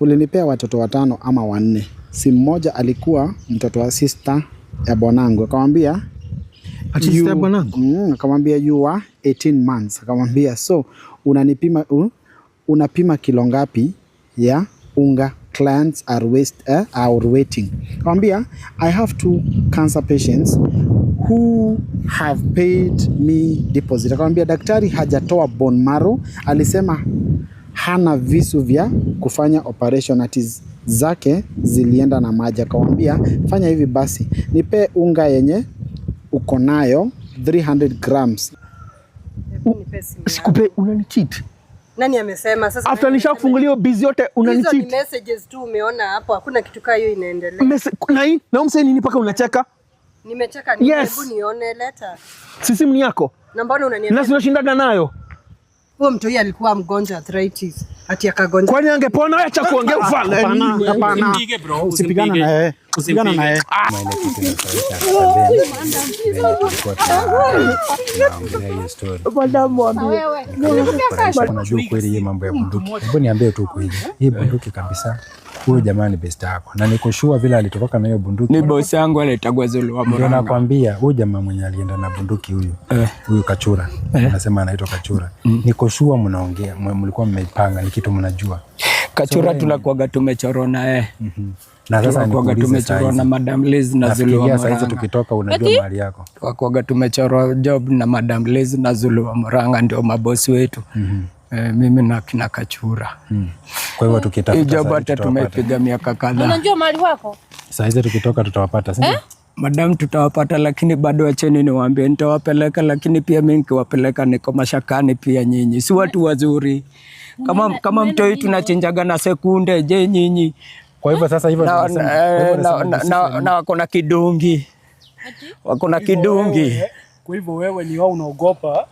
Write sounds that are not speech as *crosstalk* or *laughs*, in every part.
ulinipea watoto watano ama wanne, si mmoja alikuwa mtoto wa sista ya bwanangu, akamwambia mm, akamwambia you are 18 months, akamwambia so unanipima uh, unapima kilo ngapi ya unga clients are, waste, uh, are waiting. Akamwambia I have two cancer patients who have paid me deposit. Akamwambia daktari hajatoa bone marrow, alisema hana visu vya kufanya operation ati zake zilienda na maji. Akamwambia, fanya hivi basi, nipe unga yenye uko nayo 300 grams. Sikupe, unanicheat. Nani amesema sasa? After nishakufungulia bizi yote unanicheat. Hizo ni messages tu umeona hapo, hakuna kitu kaa hiyo inaendelea. Na hii na umsee nini mpaka unacheka? Nimecheka, ni hebu nione letter. Si simu yako. Na mbona unaniambia? Na unashindaga nayo huo mtoi alikuwa mgonjwa arthritis, ati akagonja. Kwani angepona? Acha kuongea ufala. Hapana, hapana, usipigana na yeye, usipigana na yeye. Unajua ah. kweli hii mambo ya bunduki, hebu niambie tu kweli, hii bunduki kabisa huyu jamaa ni best yako, na nikushua vile alitoroka na hiyo bunduki ni bosi yangu anaitagwa Zulu. wa Ndio nakwambia huyu jamaa mwenye alienda na bunduki huyu eh. huyu eh, Kachura eh, nasema anaitwa Kachura mm. Nikushua mnaongea, mlikuwa mmeipanga, ni kitu mnajua Kachura so, tunakuaga tumechorona eh. mm -hmm. Na sasa tunakuaga tumechorona Madam Liz na Zulu wa Murang'a. Sasa tukitoka unajua mahali yako. Tunakuaga tumechorwa job na Madam Liz na Zulu wa Murang'a ndio mabosi wetu. mm -hmm. E, mimi na kina Kachura hmm. Kwa hivyo tukitafuta hiyo bata tumeipiga miaka kadhaa. Unajua mahali wako? Sasa hizi tukitoka tutawapata, si ndio? Eh? Madam, tutawapata lakini bado wacheni niwaambie, nitawapeleka lakini pia mimi nikiwapeleka niko mashakani pia. Nyinyi si watu wazuri kama, kama mtoi tunachinjaga na sekunde. Je, nyinyi kwa hivyo sasa hivyo na, na, na, na, na, na wako na kidungi wako na kidungi, kwa hivyo wewe ni wao unaogopa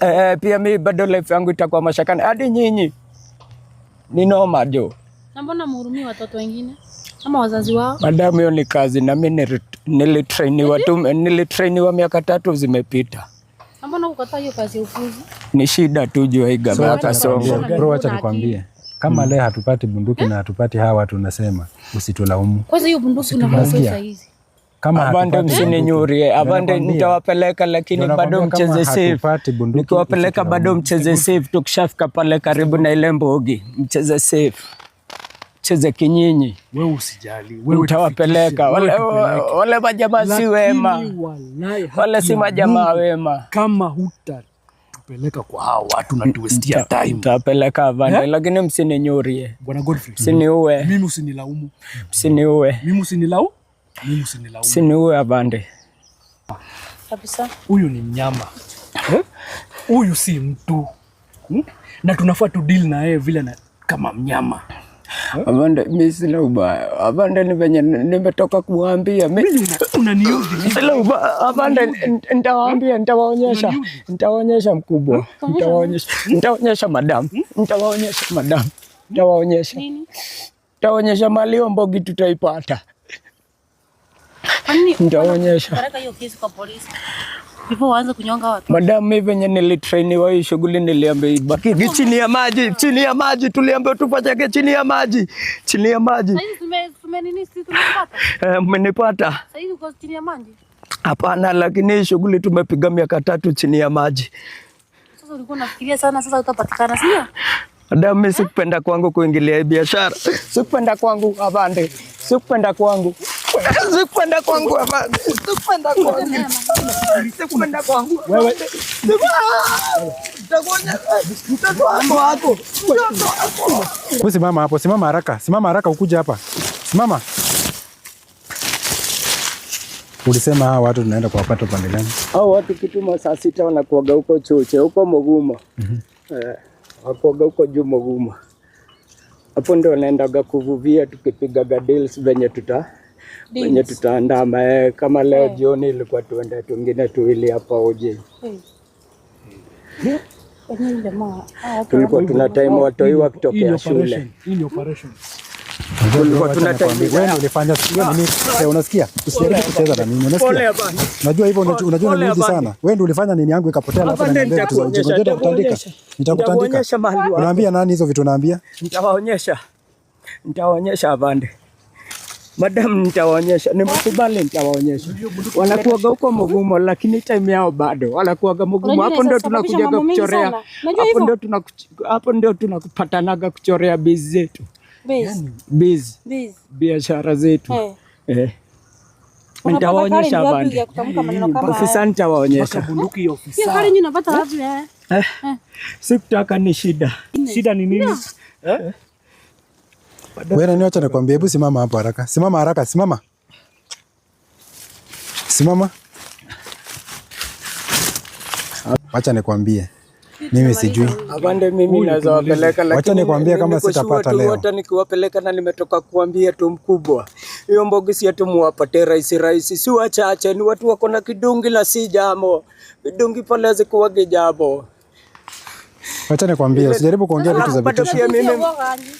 Eh, eh, pia mi bado life yangu itakuwa mashakani hadi nyinyi ni noma jo. Na mbona mhurumii watoto wengine ama wazazi wao? Madamu, hiyo ni kazi, na mi nilitrainiwa tu, nilitrainiwa miaka tatu zimepita. Na mbona ukataa hiyo kazi ufuzi? Ni shida tu jua hii gaba so, kasongo. Bro, acha nikwambie kama hmm. leo hatupati bunduki hmm. na hatupati hawa tunasema usitulaumu. Kwanza hiyo bunduki unakuwa hizi kama abande msininyurie, abande nitawapeleka, lakini bado mcheze safe. Nikiwapeleka bado mcheze safe, tukishafika pale karibu na ile mbogi, mcheze safe mcheze kinyinyi, wewe usijali, wewe utawapeleka wale wale majamaa, si wema wale, si majamaa wema. Kama hutatupeleka kwa hawa watu na tuwestia time, tutapeleka avande, eh? lakini msininyurie bwana Godfrey, msiniue mimi, usinilaumu, msiniue mimi, usinilaumu mimi usinilaumu. Siniue Kabisa. Huyu ni mnyama eh? huyu si mtu hmm? Na tunafaa tu deal na yeye vile na kama mnyama huh? Eh? Avande, mimi sina ubaya Avande, ni venye nimetoka kuambia mimi sina ubaya Avande, nitawaambia, nitawaonyesha, nitawaonyesha mkubwa, nitawaonyesha, nitawaonyesha madam, hmm? nitawaonyesha madam, hmm? nitawaonyesha, nitawaonyesha mali hiyo mbogi tutaipata Nitaonyesha madamu, mi venye nilitrainiwa hii shughuli niliambia ibaki chini ya maji, chini ya maji, tuliambiwa tufanyake eh, chini ya maji, chini ya maji. Mmenipata? Hapana, lakini hii shughuli tumepiga miaka tatu chini ya maji. Madamu, mi sikupenda kwangu kuingilia hii biashara, *laughs* sikupenda kwangu avande, sikupenda kwangu Sikwenda kwangu amani, simama hapo, simama haraka, simama haraka, ukuja hapa, simama. Ulisema hawa watu tunaenda kuwapata upande gani? Hao watu kitu saa sita wanakuaga huko choche huko Moguma, mhm. eh, wakuaga huko juu Moguma, hapo ndio wanaendaga kuvuvia, tukipiga deals venye tuta wenye tutaandama eh, kama leo yeah. Jioni ilikuwa tuende tungine tuwili hapa oje eh. yeah. Yaani Tulikuwa tuna time watoiwa wakitokea shule unasikia, hivyo, unajua unaniuzi sana. Wewe ndio ulifanya nini yangu ikapotea, nitakutandika? Nitakutandika. Unaambia nani hizo vitu? Naambia nitawaonyesha, nitawaonyesha abande Madam, nitawaonyesha, nimekubali, nitawaonyesha. Wanakuaga huko mgumo, lakini time yao bado wanakuaga mgumo. Hapo ndio tunakujaga kuchorea, hapo ndio hapo ndio tunakupatanaga kuchorea biz zetu, biz biashara zetu eh. eh. Nitawaonyesha bandi, ofisa nitawaonyesha. Eh? Eh. Sikutaka ni shida. Shida ni nini? Wewe nani acha nakwambia, hebu simama hapo haraka. Simama haraka, simama. Simama. Wacha nikwambie. Mimi sijui. Afande, mimi naweza wapeleka lakini wacha nikwambie kama sitapata leo. Wote nikiwapeleka na nimetoka kuambia tu mkubwa. Hiyo mbogi si ati muwapate rahisi rahisi. Si wachache ni watu wako na kidungi la si jambo. Kidungi pale hazikuwa jambo. Acha nikwambie usijaribu kuongea ah, vitu za vitu. Pia mimi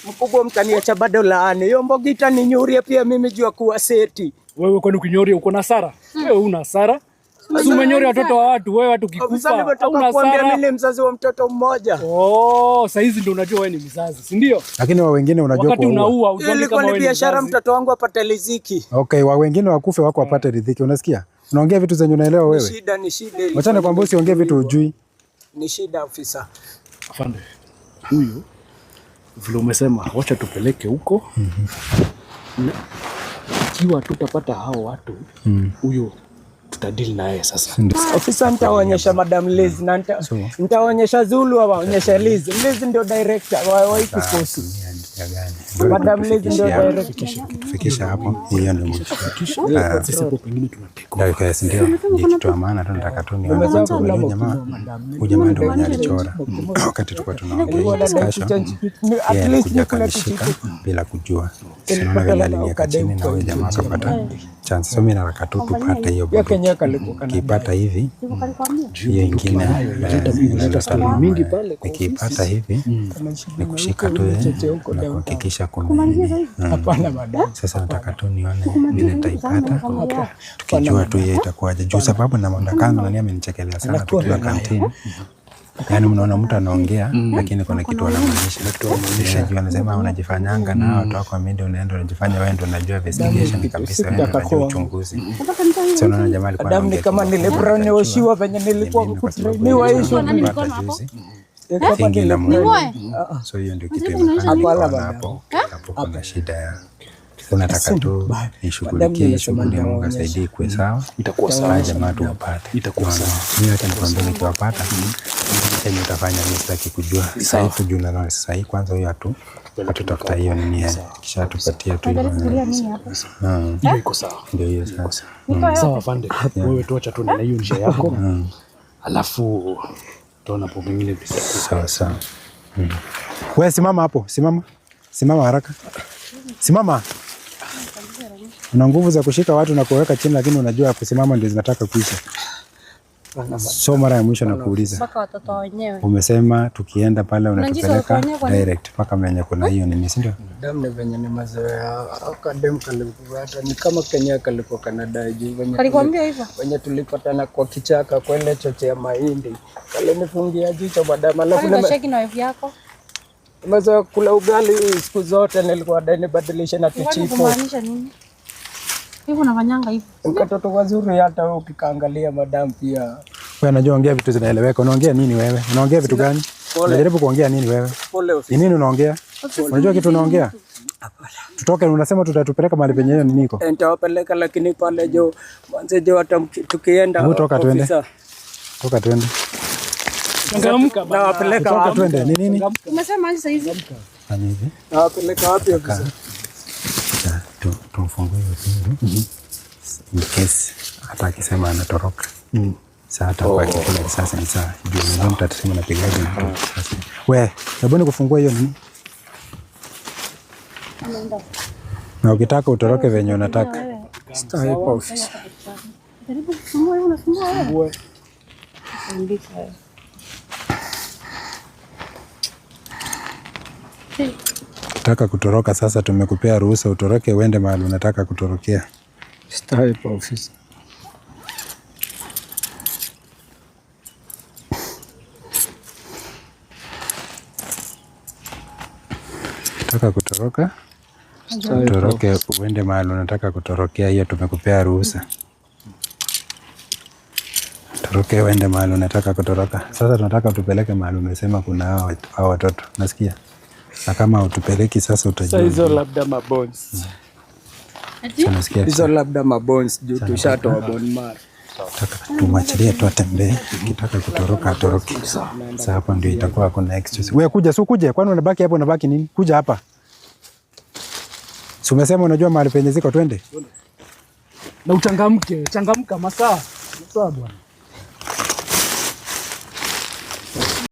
mkubwa mtaniacha bado laani. Hiyo mbogi itaninyuria pia mimi jua kuwa seti. Wewe kwani ukinyuria uko na sara? Hmm. Wewe una sara? Umenyori watoto wa watu wewe, watu kikufa au kuambia mimi ni mzazi wa mtoto mmoja. Oh, sasa hizi ndio unajua wewe ni mzazi, si ndio? Lakini wa wengine unajua kwa wakati unaua uzoni kama wewe ni biashara, mtoto wangu apate riziki. Okay, wa wengine wakufe wako hmm. apate riziki, unasikia? Unaongea vitu zenye unaelewa wewe. Shida ni shida. Wacha nikwambie usiongee vitu ujui. Ni shida afisa. Afande, huyu vile umesema, wacha tupeleke huko mm -hmm. Ikiwa tutapata hao watu huyo mm. Tutadili naye sasa. Ofisa, nitawaonyesha Madam Liz na nitawaonyesha Zulu, awaonyesha Liz. Liz ndio director wa hii kikosi. Madam Liz ndio director kufikisha hapo, hiyo ndio ah. ndio kitu maana tu. Nataka tu nione kwanza jamaa, jamaa ndio mwenye alichora mm. wakati tulikuwa tunaongea discussion, alikuja kanishika bila kujua, sinaona vile aliniweka chini, na jamaa akapata chance. So mimi nataka tu tupate hiyo bunduki, kipata hivi mm, hiyo ingine eh, nikiipata hivi mm. ni kushika tu eh, na kuhakikisha kuna sasa nataka tu nione vile nitaipata, tukijua tu yeye itakuwaje, juu sababu nani amenichekelea sana tukiwa kantini. Yaani, mnaona mtu anaongea mm. Mm. lakini kuna kitu anamaanisha juu, anasema mm. unajifanyanga na watu wako mimi ndio naenda unajifanya wewe ndio unajua investigation kabisa, wewe ndio unajua uchunguzi. Sasa unaona jamaa alikuwa anaongea Damu kama ni nilibroniwa venye nilikuwa kutrainiwa hizo ingi la mwanzo. So hiyo ndio kitu hapo, hapo eh? kuna shida ya Unataka tu nishughulikie shughuli ya Mungu asaidie ikuwe sawa, itakuwa sawa, jamaa tuwapate, itakuwa sawa. Mimi hata nikwambia, nikiwapata chenye mm-hmm. utafanya mimi sitaki kujua sasa hivi, juu na nani sasa hivi. Kwanza huyo atu atutafuta hiyo nini, kisha tupatie tu mm. iko eh? sawa, ndio hiyo sasa. Sawa mm. afande, wewe tuacha tu na hiyo njia yako, mm. alafu tuona hapo pengine. Sawa sawa, wewe simama hapo, simama, simama haraka, simama. Una nguvu za kushika watu na kuweka chini, lakini unajua kusimama ndio zinataka kuisha. So mara ya mwisho nakuuliza, umesema tukienda pale unatupeleka direct mpaka menye kuna hiyo nini, si ndio? Damu ni venye ni mazoea kadem kalikuwa hata ni kama Kenya kalikuwa Canada juu venye alikwambia hivyo, venye tulipatana kwa kichaka kwenda chochea mahindi kale nifungia jicho badama, alafu na shaki na wife yako mazoea kula ugali siku zote, nilikuwa dai nibadilishe na kichiko. Unamaanisha nini? hivyo nafanyanga hivyo. Katoto wazuri hata wewe ukikaangalia madam pia. Wewe unajua ongea vitu zinaeleweka. Unaongea nini wewe? Unaongea vitu gani? Unajaribu kuongea nini wewe? Ni nini unaongea? Unajua kitu unaongea? Tutoke, unasema tutatupeleka mahali penye hiyo niko. Eh, nitawapeleka lakini pale jo mwanzo jo hata tukienda toka twende. Toka twende. Changamka bana. Nawapeleka wapi? Twende. Ni nini? Umesema hizi hizi. Nawapeleka wapi? tumfungue hiyo kesi, mm-hmm. hata akisema anatoroka mm. saa hata kwa oh. kisasa ni saa juu mwingine mtu atasema napigaje mtu we sabuni kufungua hiyo nini na ukitaka utoroke venye unataka unataka kutoroka sasa, tumekupea ruhusa utoroke, uende mahali unataka kutorokea. kwa ofisi. Unataka kutoroka, utoroke, uende mahali unataka kutorokea. Hiyo tumekupea ruhusa, toroke, uende mahali unataka kutoroka. Sasa tunataka tupeleke mahali umesema kuna hao watoto, nasikia na kama utupeleki sasa, utajua hizo labda mabones hizo labda mabones juu tushatoa bone marrow tumwachilie tu atembee, kitaka kutoroka atoroke. Sasa hapo ndio itakuwa kuna excuse. Wewe kuja, si kuja, kwani unabaki hapo? Unabaki nini? Kuja hapa, si umesema unajua mahali penye ziko, twende na uchangamke. Changamka masaa masaa bwana.